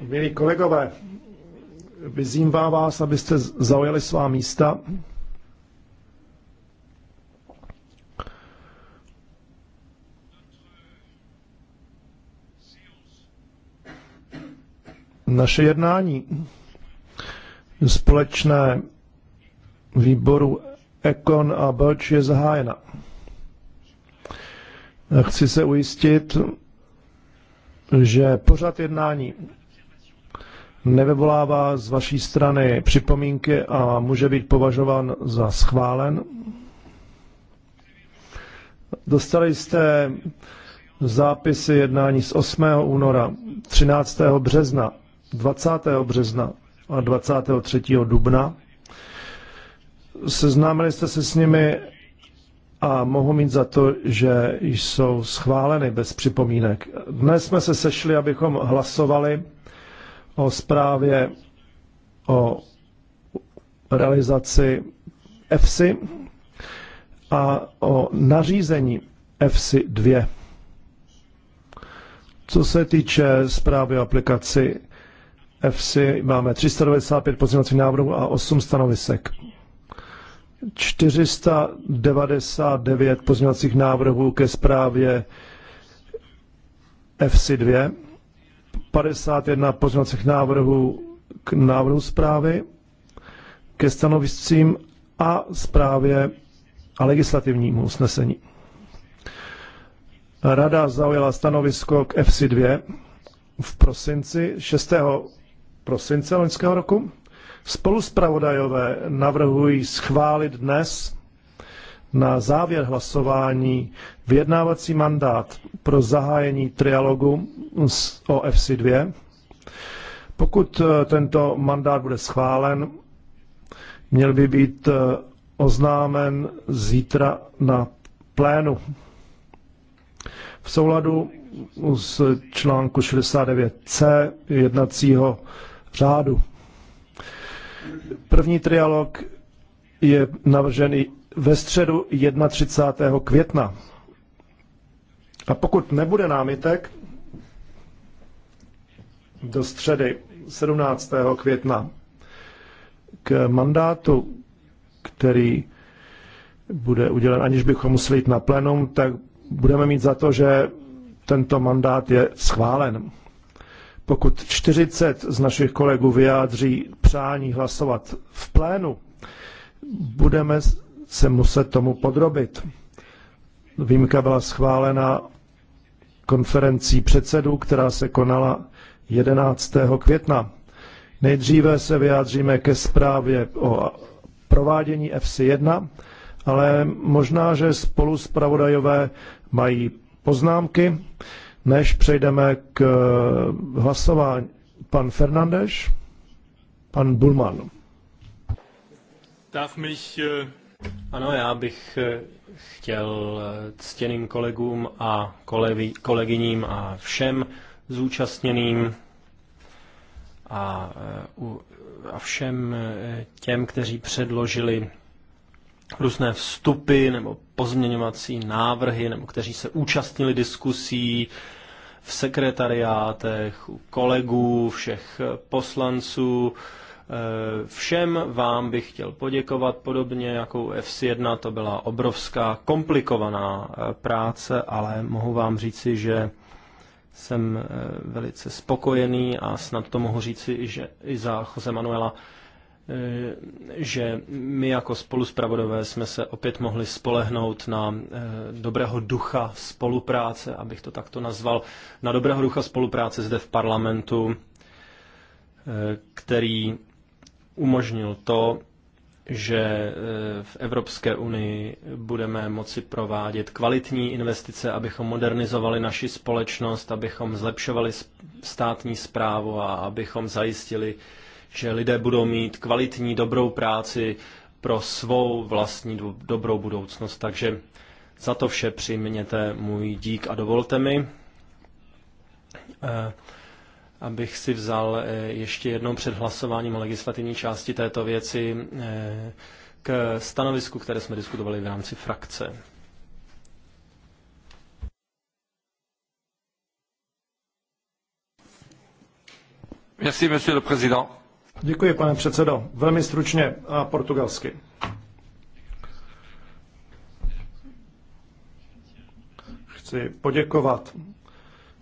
Milí kolegové, vyzývám vás, abyste zaujali svá místa. Naše jednání společné výboru Ekon a Belč je zahájena. Chci se ujistit, že pořad jednání nevyvolává z vaší strany připomínky a může být považován za schválen. Dostali jste zápisy jednání z 8. února, 13. března, 20. března a 23. dubna. Seznámili jste se s nimi a mohu mít za to, že jsou schváleny bez připomínek. Dnes jsme se sešli, abychom hlasovali o zprávě o realizaci EFSI a o nařízení EFSI 2. Co se týče zprávy o aplikaci EFSI, máme 395 pozměňovacích návrhů a 8 stanovisek. 499 pozměňovacích návrhů ke zprávě FC2, 51 pozměňovacích návrhů k návrhu zprávy, ke stanoviscím a zprávě a legislativnímu usnesení. Rada zaujala stanovisko k FC2 v prosinci, 6. prosince loňského roku Spoluspravodajové navrhují schválit dnes na závěr hlasování vyjednávací mandát pro zahájení trialogu o FC2. Pokud eh, tento mandát bude schválen, měl by být eh, oznámen zítra na plénu. V souladu s článku 69c jednacího řádu. První trialog je navržený ve středu 31. května. A pokud nebude námitek do středy 17. května k mandátu, který bude udělen, aniž bychom museli jít na plenum, tak budeme mít za to, že tento mandát je schválen. Pokud 40 z našich kolegů vyjádří přání hlasovat v plénu, budeme se muset tomu podrobit. Výjimka byla schválena konferencí předsedů, která se konala 11. května. Nejdříve se vyjádříme ke zprávě o provádění FC1, ale možná, že spolu zpravodajové mají poznámky. Než přejdeme k eh, hlasování, pan Fernandeš, pan Bulman. Dáv mich, eh, ano, já bych eh, chtěl ctěným kolegům a kolegy, kolegyním a všem zúčastněným a, a všem těm, kteří předložili různé vstupy nebo pozměňovací návrhy, nebo kteří se účastnili diskusí v sekretariátech, u kolegů, všech poslanců. Eh, všem vám bych chtěl poděkovat, podobně jako u F1 to byla obrovská, komplikovaná eh, práce, ale mohu vám říci, že jsem eh, velice spokojený a snad to mohu říci i, že, i za Jose Manuela Eh, že my jako spoluspravodové jsme se opět mohli spolehnout na eh, dobrého ducha spolupráce, abych to takto nazval, na dobrého ducha spolupráce zde v parlamentu, eh, který umožnil to, že v Evropské unii budeme moci provádět kvalitní investice, abychom modernizovali naši společnost, abychom zlepšovali státní zprávu a abychom zajistili že lidé budou mít kvalitní, dobrou práci pro svou vlastní dobrou budoucnost. Takže za to vše přijměte můj dík a dovolte mi, eh, abych si vzal eh, ještě jednou před hlasováním o legislativní části této věci eh, k stanovisku, které jsme diskutovali v rámci frakce. Merci, monsieur le président. Děkuji, pane předsedo. Velmi stručně a portugalsky. Chci poděkovat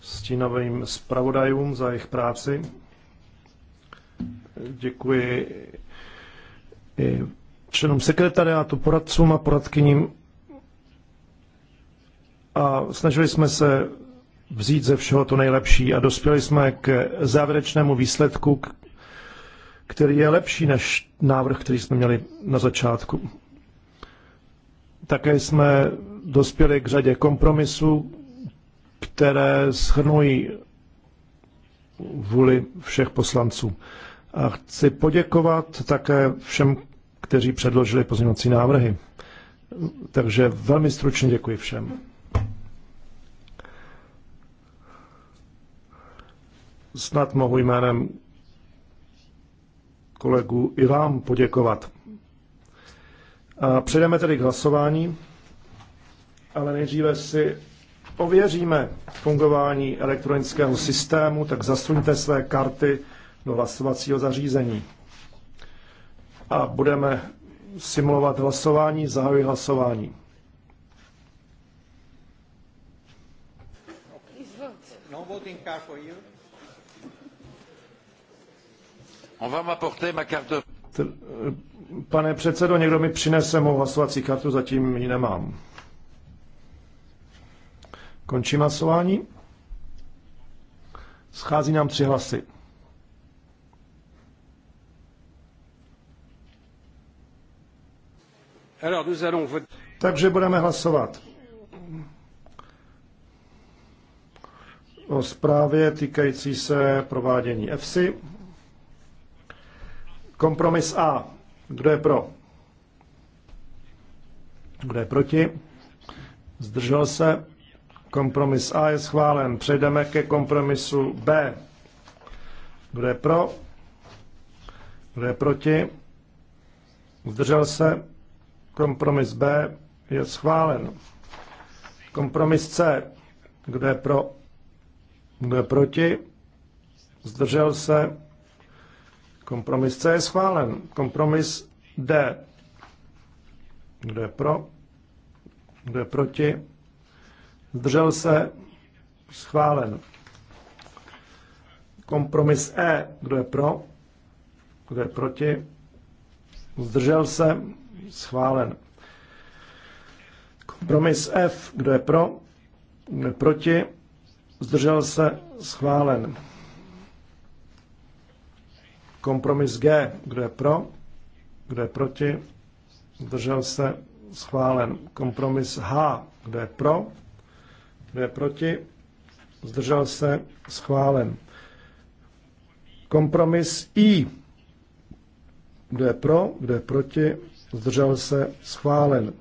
stínovým zpravodajům za jejich práci. Děkuji i členům sekretariátu, poradcům a poradkyním. A snažili jsme se vzít ze všeho to nejlepší a dospěli jsme k závěrečnému výsledku, který je lepší než návrh, který jsme měli na začátku. Také jsme dospěli k řadě kompromisů, které shrnují vůli všech poslanců. A chci poděkovat také všem, kteří předložili pozměňovací návrhy. Takže velmi stručně děkuji všem. Snad mohu jménem kolegů i vám poděkovat. A přejdeme tedy k hlasování, ale nejdříve si ověříme fungování elektronického systému, tak zasuňte své karty do hlasovacího zařízení. A budeme simulovat hlasování, zahajuji hlasování. No voting card for you. Pane předsedo, někdo mi přinese mou hlasovací kartu, zatím ji nemám. Končím hlasování. Schází nám tři hlasy. Takže budeme hlasovat o zprávě týkající se provádění EFSI. Kompromis A. Kdo je pro? Kdo je proti? Zdržel se? Kompromis A je schválen. Přejdeme ke kompromisu B. Kdo je pro? Kdo je proti? Zdržel se? Kompromis B je schválen. Kompromis C. Kdo je pro? Kdo je proti? Zdržel se? Kompromis C je schválen. Kompromis D. Kdo je pro? Kdo je proti? Zdržel se? Schválen. Kompromis E. Kdo je pro? Kdo je proti? Zdržel se? Schválen. Kompromis F. Kdo je pro? Kdo je proti? Zdržel se? Schválen. Kompromis G. Kdo je pro? Kdo je proti? Zdržel se? Schválen. Kompromis H. Kdo je pro? Kdo je proti? Zdržel se? Schválen. Kompromis I. Kdo je pro? Kdo je proti? Zdržel se? Schválen.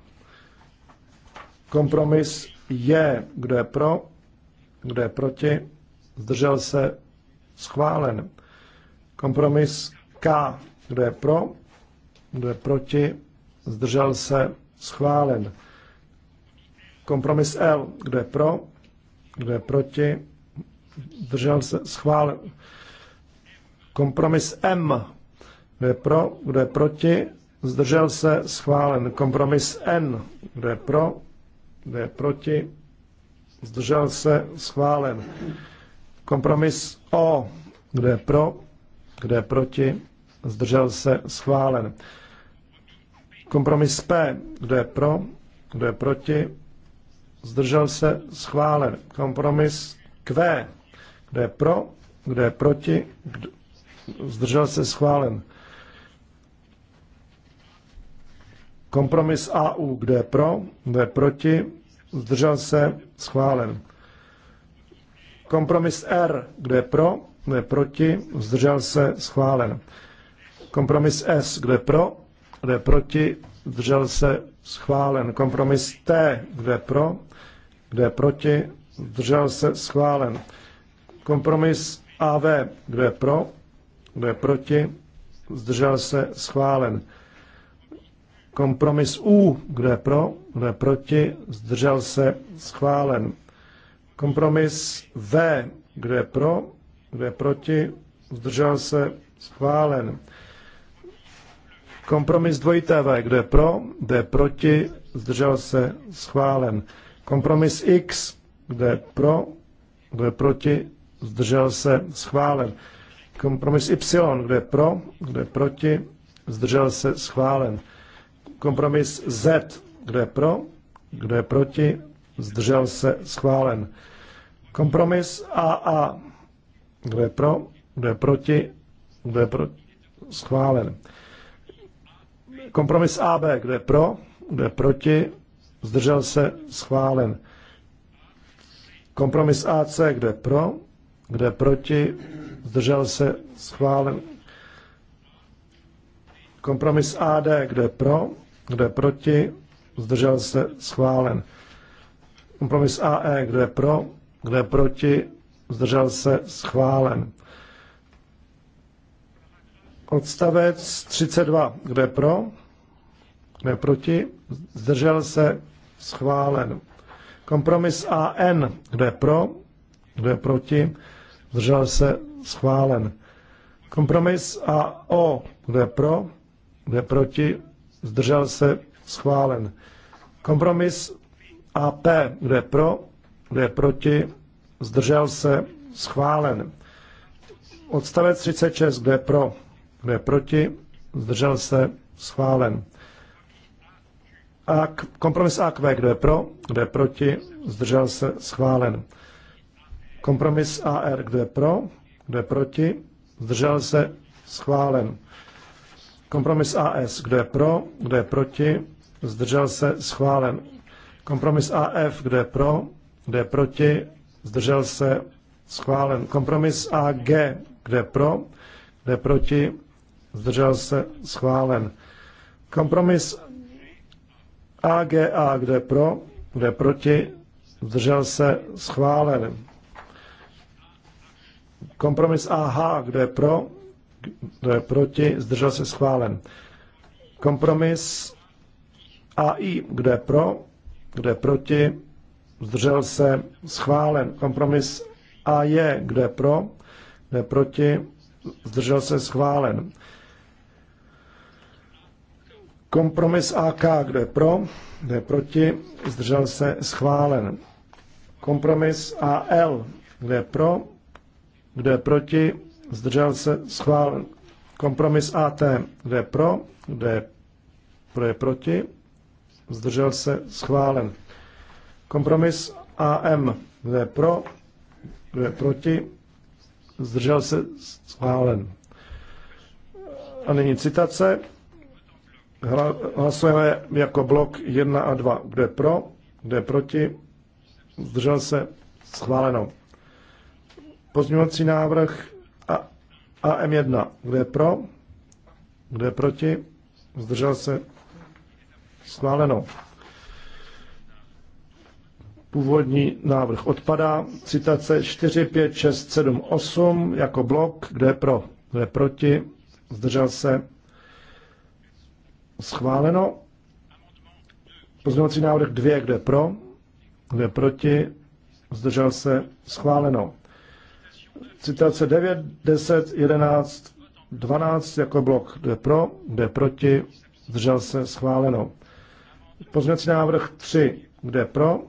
Kompromis J. Kdo je pro? Kdo je proti? Zdržel se? Schválen. Kompromis K. Kdo je pro? Kdo je proti? Zdržel se? Schválen. Kompromis L. Kdo je pro? Kdo je proti? Zdržel se? Schválen. Kompromis M. Kdo je pro? Kdo je proti? Zdržel se? Schválen. Kompromis N. Kdo je pro? Kdo je proti? Zdržel se? Schválen. Kompromis O. Kdo je pro? Kdo je proti? Zdržel se? Schválen. Kompromis P. Kdo je pro? Kdo je proti? Zdržel se? Schválen. Kompromis Q. Kdo je pro? Kdo je proti? Kdo... Zdržel se? Schválen. Kompromis AU. Kdo je pro? Kdo je proti? Zdržel se? Schválen. Kompromis R. Kdo je pro? kdo je proti, zdržel se, schválen. Kompromis S, kdo je pro, kdo je proti, zdržel se, schválen. Kompromis T, kdo je pro, kdo je proti, zdržel se, schválen. Kompromis AV, kdo je pro, kdo je proti, zdržel se, schválen. Kompromis U, kdo je pro, kdo je proti, zdržel se, schválen. Kompromis V, kdo je pro, kdo je proti? Zdržel se? Schválen. Kompromis dvojité V. Kdo je pro? Kdo je proti? Zdržel se? Schválen. Kompromis X. Kdo je pro? Kdo je proti? Zdržel se? Schválen. Kompromis Y. Kdo je pro? Kdo je proti? Zdržel se? Schválen. Kompromis Z. Kdo je pro? Kdo je proti? Zdržel se? Schválen. Kompromis AA. Kdo je pro? Kdo je proti? Kdo je pro? Schválen. Kompromis AB. Kdo je pro? Kdo je proti? Zdržel se? Schválen. Kompromis AC. Kdo je pro? Kdo je proti? Zdržel se? Schválen. Kompromis AD. Kdo je pro? Kdo je proti? Zdržel se? Schválen. Kompromis AE. Kdo je pro? Kdo je proti? zdržel se schválen. Odstavec 32, kde pro, kde proti, zdržel se schválen. Kompromis AN, kde pro, kde proti, zdržel se schválen. Kompromis AO, kde pro, kde proti, zdržel se schválen. Kompromis AP, kde pro, kde proti, zdržel se, schválen. Odstavec 36, kdo je pro, kdo je proti, zdržel se, schválen. A kompromis AQV, kdo je pro, kdo je proti, zdržel se, schválen. Kompromis AR, kdo je pro, kdo je proti, zdržel se, schválen. Kompromis AS, kdo je pro, kdo je proti, zdržel se, schválen. Kompromis AF, kdo je pro, kdo je proti, zdržel se, schválen. Kompromis AG, kde pro, kde proti, zdržel se, schválen. Kompromis A, kde pro, kde proti, zdržel se, schválen. Kompromis AH, kde pro, kde proti, zdržel se, schválen. Kompromis AI, kde pro, kde proti, zdržel se, schválen. Kompromis A je, kdo je pro, kdo je proti, zdržel se, schválen. Kompromis AK, kdo je pro, kdo je proti, zdržel se, schválen. Kompromis AL, kdo je pro, kdo je proti, zdržel se, schválen. Kompromis AT, kdo je pro, kdo je, kdo je proti, zdržel se, schválen. Kompromis AM. Kdo je pro, kdo je proti, zdržel se schválen. A nyní citace. Hlasujeme jako blok 1 a 2. Kdo je pro, kdo je proti, zdržel se schváleno. Pozměňovací návrh AM1. Kdo je pro, kdo je proti, zdržel se schváleno. Původní návrh odpadá. Citace 4, 5, 6, 7, 8 jako blok. Kdo je pro? Kdo je proti? Zdržel se? Schváleno. Pozměňovací návrh 2, kdo je pro? Kdo je proti? Zdržel se? Schváleno. Citace 9, 10, 11, 12 jako blok. Kdo je pro? Kdo je proti? Zdržel se? Schváleno. Pozměňovací návrh 3, kdo je pro?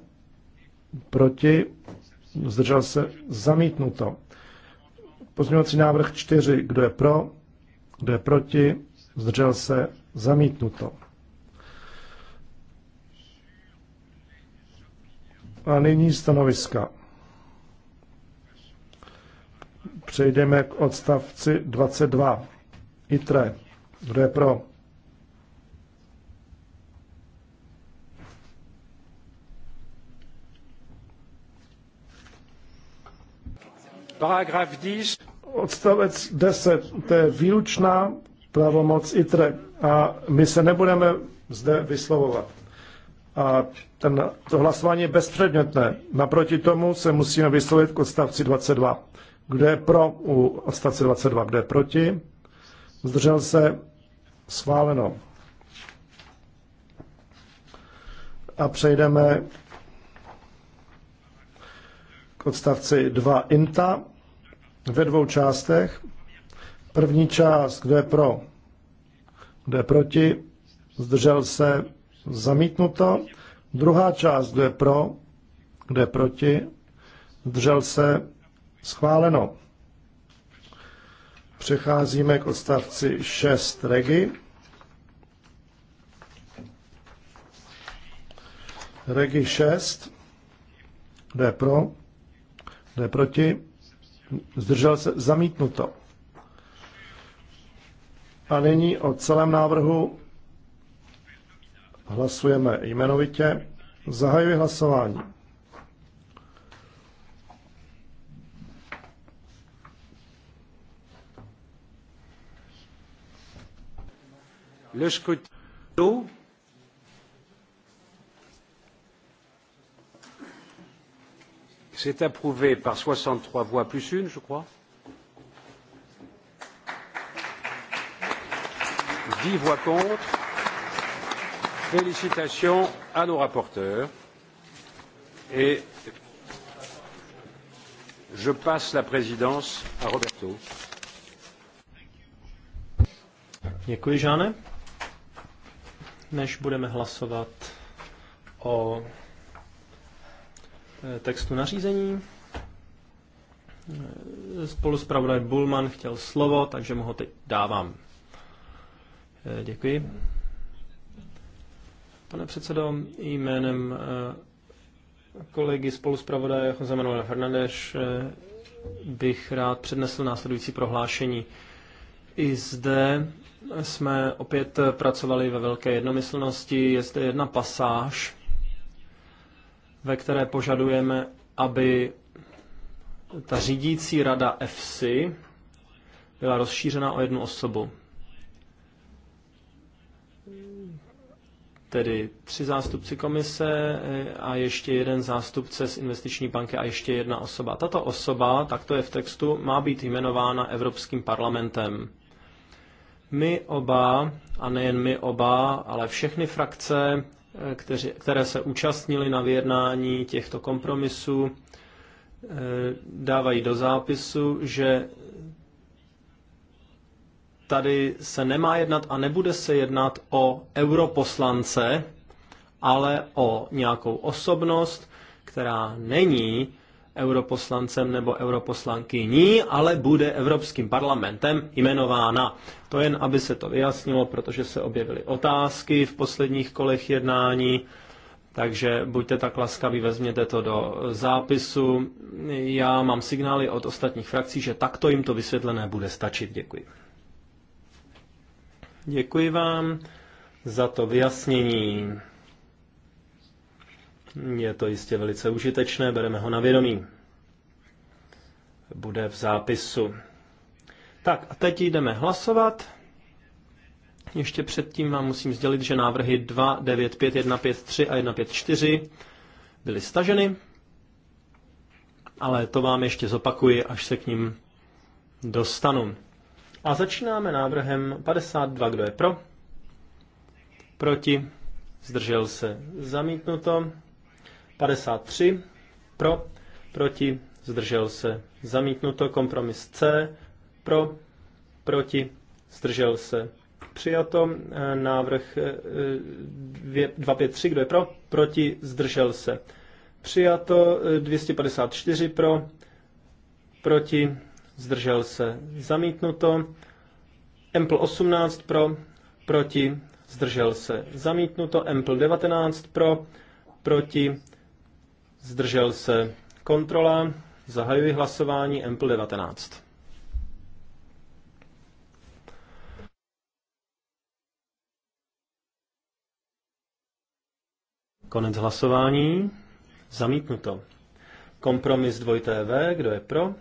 proti, zdržel se, zamítnuto. Pozměňovací návrh 4, kdo je pro, kdo je proti, zdržel se, zamítnuto. A nyní stanoviska. Přejdeme k odstavci 22. ITRE. Kdo je pro? Paragraf 10. Odstavec 10, to je výlučná pravomoc ITRE a my se nebudeme zde vyslovovat. A ten, to hlasování je bezpředmětné. Naproti tomu se musíme vyslovit k odstavci 22. Kdo je pro u odstavce 22, kdo je proti? Zdržel se schváleno. A přejdeme k odstavci 2 INTA ve dvou částech. První část, kdo je pro, kdo je proti, zdržel se, zamítnuto. Druhá část, kdo je pro, kdo je proti, zdržel se, schváleno. Přecházíme k odstavci 6 regi. Regi 6. Kdo je pro? Kdo je proti? zdržel se, zamítnuto. A nyní o celém návrhu hlasujeme jmenovitě. Zahajuji hlasování. Le scrutin C'est approuvé par 63 voix plus une, je crois. 10 voix contre. Félicitations à nos rapporteurs. Et je passe la présidence à Roberto. Děkuji, Žáne. Než budeme hlasovat o Eh, textu nařízení. Eh, spolu s Pravodaj Bulman chtěl slovo, takže mu ho teď dávám. Eh, děkuji. Pane předsedo, jménem kolegy s Jose Manuel Fernandez bych rád přednesl následující prohlášení. I zde jsme opět pracovali ve velké jednomyslnosti. Je zde jedna pasáž, ve které požadujeme, aby ta řídící rada FC byla rozšířena o jednu osobu. Tedy tři zástupci komise a ještě jeden zástupce z investiční banky a ještě jedna osoba. Tato osoba, tak to je v textu, má být jmenována Evropským parlamentem. My oba, a nejen my oba, ale všechny frakce kteři, které se účastnili na vyjednání těchto kompromisů, eh, dávají do zápisu, že tady se nemá jednat a nebude se jednat o europoslance, ale o nějakou osobnost, která není europoslancem nebo europoslankyní, ale bude Evropským parlamentem jmenována. To jen, aby se to vyjasnilo, protože se objevily otázky v posledních kolech jednání, takže buďte tak laskaví, vezměte to do zápisu. Já mám signály od ostatních frakcí, že takto jim to vysvětlené bude stačit. Děkuji. Děkuji vám za to vyjasnění. Je to jistě velice užitečné, bereme ho na vědomí. Bude v zápisu. Tak a teď jdeme hlasovat. Ještě předtím vám musím sdělit, že návrhy 2, 9, 5, 1, 5, 3 a 1, 5, 4 byly staženy, ale to vám ještě zopakuji, až se k ním dostanu. A začínáme návrhem 52, kdo je pro, proti, zdržel se, zamítnuto. 53 pro, proti, zdržel se. Zamítnuto kompromis C pro, proti, zdržel se. Přijato e, návrh 253, e, kdo je pro, proti, zdržel se. Přijato 254 e, pro, proti, zdržel se. Zamítnuto. Empl 18 pro, proti, zdržel se. Zamítnuto. Empl 19 pro, proti, zdržel se kontrola, zahajuji hlasování MPL 19. Konec hlasování. Zamítnuto. Kompromis 2TV. kdo je pro?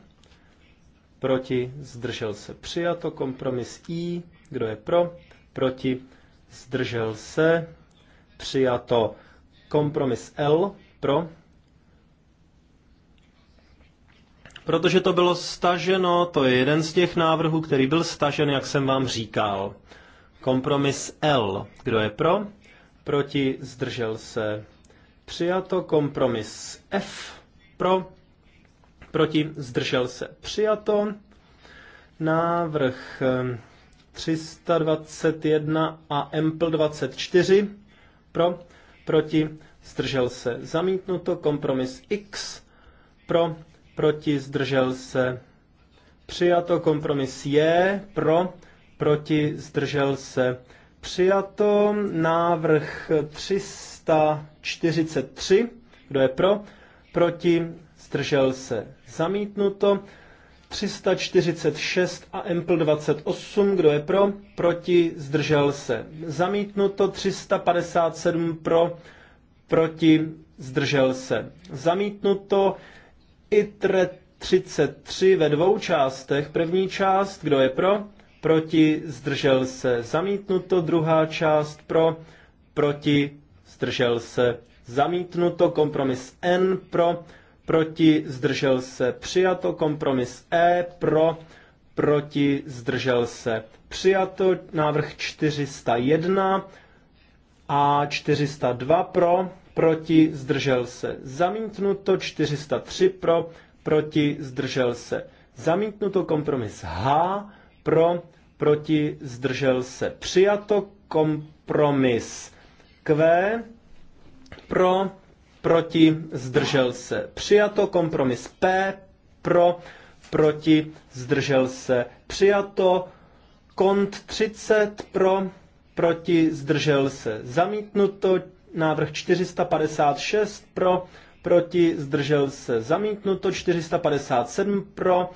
Proti, zdržel se, přijato. Kompromis I, kdo je pro? Proti, zdržel se, přijato. Kompromis L, pro? Protože to bylo staženo, to je jeden z těch návrhů, který byl stažen, jak jsem vám říkal. Kompromis L. Kdo je pro? Proti zdržel se. Přijato kompromis F. Pro. Proti zdržel se. Přijato. Návrh 321 eh, a Empl 24. Pro. Proti zdržel se. Zamítnuto kompromis X. Pro proti, zdržel se. Přijato kompromis je, pro, proti, zdržel se. Přijato návrh 343, kdo je pro, proti, zdržel se. Zamítnuto. 346 a Empl 28, kdo je pro, proti, zdržel se. Zamítnuto 357 pro, proti, zdržel se. Zamítnuto ITRE 33 ve dvou částech. První část, kdo je pro, proti, zdržel se, zamítnuto. Druhá část pro, proti, zdržel se, zamítnuto. Kompromis N pro, proti, zdržel se, přijato. Kompromis E pro, proti, zdržel se, přijato. Návrh 401 a 402 pro, proti, zdržel se. Zamítnuto 403 pro, proti, zdržel se. Zamítnuto kompromis H pro, proti, zdržel se. Přijato kompromis Q pro, proti, zdržel se. Přijato kompromis P pro, proti, zdržel se. Přijato kont 30 pro, proti, zdržel se. Zamítnuto Návrh 456 pro, proti, zdržel se zamítnuto, 457 pro,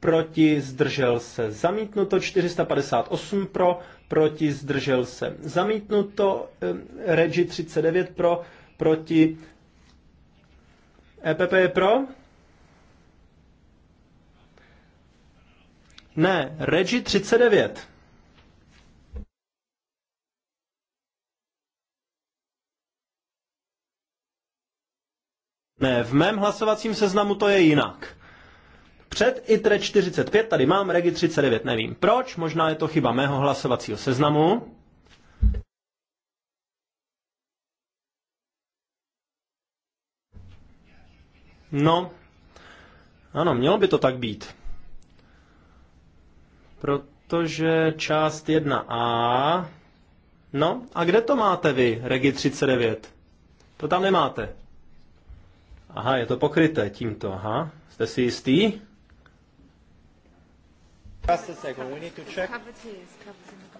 proti, zdržel se zamítnuto, 458 pro, proti, zdržel se zamítnuto, Regi 39 pro, proti, EPP je pro? Ne, Regi 39. Ne, v mém hlasovacím seznamu to je jinak. Před ITRE 45 tady mám Regi 39, nevím proč, možná je to chyba mého hlasovacího seznamu. No, ano, mělo by to tak být. Protože část 1a... No, a kde to máte vy, Regi 39? To tam nemáte. Aha, je to pokryté tímto, aha. Jste si jistý? Just a second, we need to check.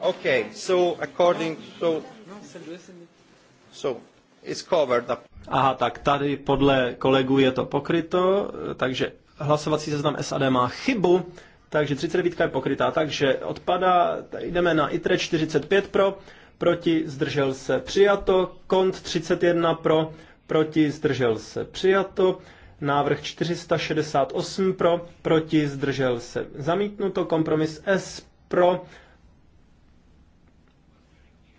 Okay, so according so so it's covered up. Aha, tak tady podle kolegů je to pokryto, takže hlasovací seznam SAD má chybu, takže 39 je pokrytá, takže odpada, jdeme na ITRE 45 pro, proti zdržel se přijato, KONT 31 pro, proti, zdržel se přijato. Návrh 468 pro, proti, zdržel se zamítnuto. Kompromis S pro.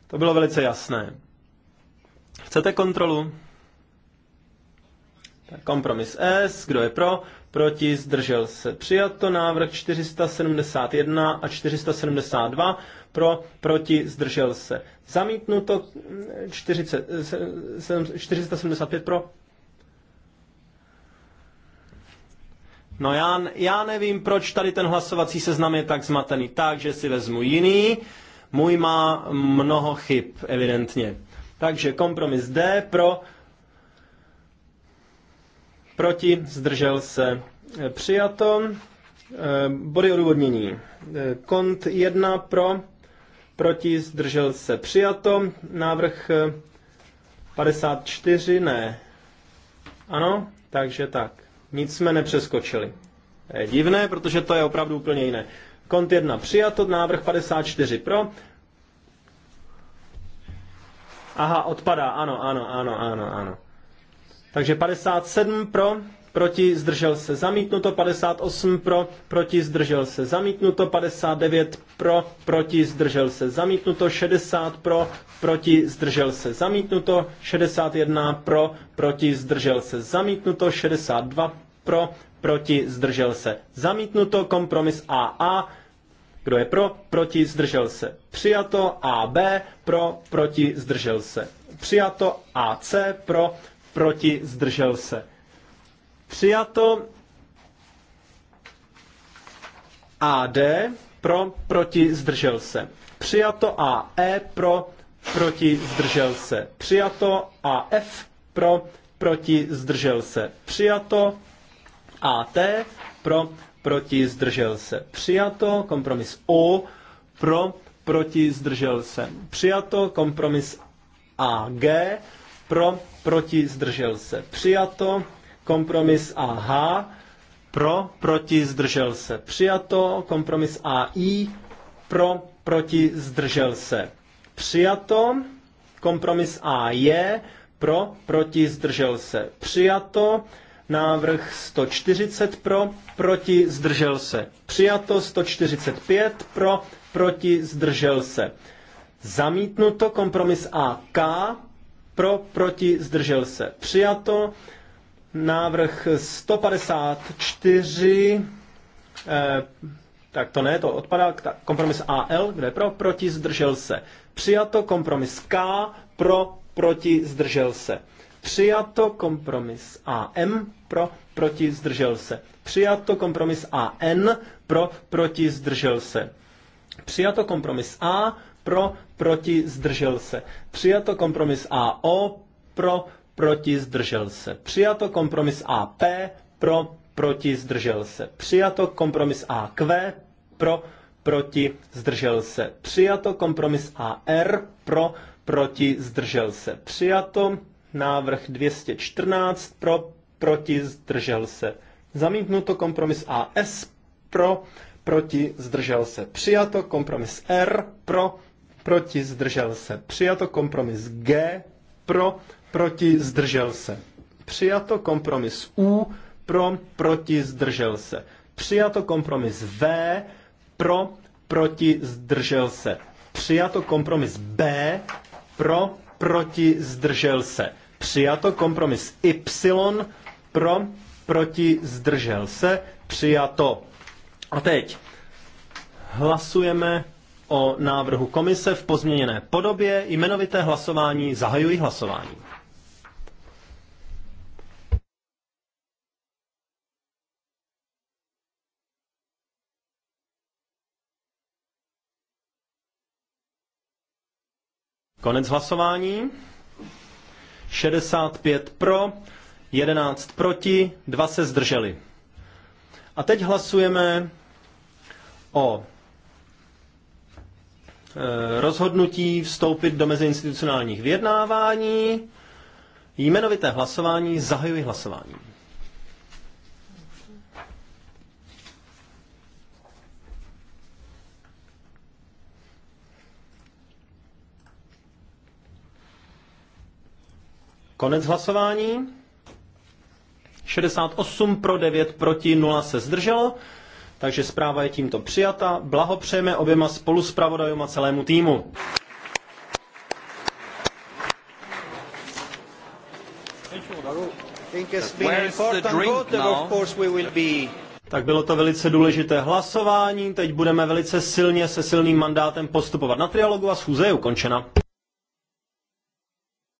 To bylo velice jasné. Chcete kontrolu? kompromis S, kdo je pro, proti, zdržel se to návrh 471 a 472, pro, proti, zdržel se zamítnuto, 40, 475 pro. No já, já nevím, proč tady ten hlasovací seznam je tak zmatený, takže si vezmu jiný, můj má mnoho chyb, evidentně. Takže kompromis D pro, proti, zdržel se, eh, přijato. Eh, body odůvodnění. Eh, kont 1 pro, proti, zdržel se, přijato. Návrh 54 ne. Ano, takže tak. Nic jsme nepřeskočili. Je divné, protože to je opravdu úplně jiné. Kont 1 přijato, návrh 54 pro. Aha, odpadá, ano, ano, ano, ano, ano. Takže 57 pro, proti zdržel se zamítnuto, 58 pro, proti zdržel se zamítnuto, 59 pro, proti zdržel se zamítnuto, 60 pro, proti zdržel se zamítnuto, 61 pro, proti zdržel se zamítnuto, 62 pro, proti zdržel se zamítnuto, kompromis AA, kdo je pro, proti zdržel se přijato, AB pro, proti zdržel se přijato, AC pro, proti, zdržel se. Přijato AD pro, proti, zdržel se. Přijato AE pro, proti, zdržel se. Přijato AF pro, proti, zdržel se. Přijato AT pro, proti, zdržel se. Přijato kompromis O pro, proti, zdržel se. Přijato kompromis AG pro, proti, zdržel se, přijato. Kompromis AH, pro, proti, zdržel se, přijato. Kompromis AI, pro, proti, zdržel se, přijato. Kompromis A je pro, proti, zdržel se, přijato. Návrh 140 pro, proti, zdržel se, přijato. 145 pro, proti, zdržel se. Zamítnuto kompromis AK pro, proti, zdržel se. Přijato. Návrh 154, eh, tak to ne, to odpadá. Kompromis AL, kde pro, proti, zdržel se. Přijato. Kompromis K, pro, proti, zdržel se. Přijato kompromis AM pro, proti, zdržel se. Přijato kompromis AN pro, proti, zdržel se. Přijato kompromis A pro, proti, zdržel se. Přijato kompromis AO, pro, proti, zdržel se. Přijato kompromis AP, pro, proti, zdržel se. Přijato kompromis AQ, pro, proti, zdržel se. Přijato kompromis AR, pro, proti, zdržel se. Přijato návrh 214, pro, proti, zdržel se. Zamítnuto kompromis AS, pro, proti, zdržel se. Přijato kompromis R, pro, proti, zdržel se. Přijato kompromis G, pro, proti, zdržel se. Přijato kompromis U, pro, proti, zdržel se. Přijato kompromis V, pro, proti, zdržel se. Přijato kompromis B, pro, proti, zdržel se. Přijato kompromis Y, pro, proti, zdržel se. Přijato. A teď hlasujeme o návrhu komise v pozměněné podobě. Jmenovité hlasování zahajuji hlasování. Konec hlasování. 65 pro, 11 proti, 2 se zdrželi. A teď hlasujeme o Eh, rozhodnutí vstoupit do meziinstitucionálních vyjednávání. Jmenovité hlasování, zahajuji hlasování. Konec hlasování. 68 pro 9 proti 0 se zdrželo. Takže zpráva je tímto přijata. Blahopřejeme oběma spoluspravodajům a celému týmu. Tak bylo to velice důležité hlasování, teď budeme velice silně se silným mandátem postupovat na trialogu a schůze je ukončena.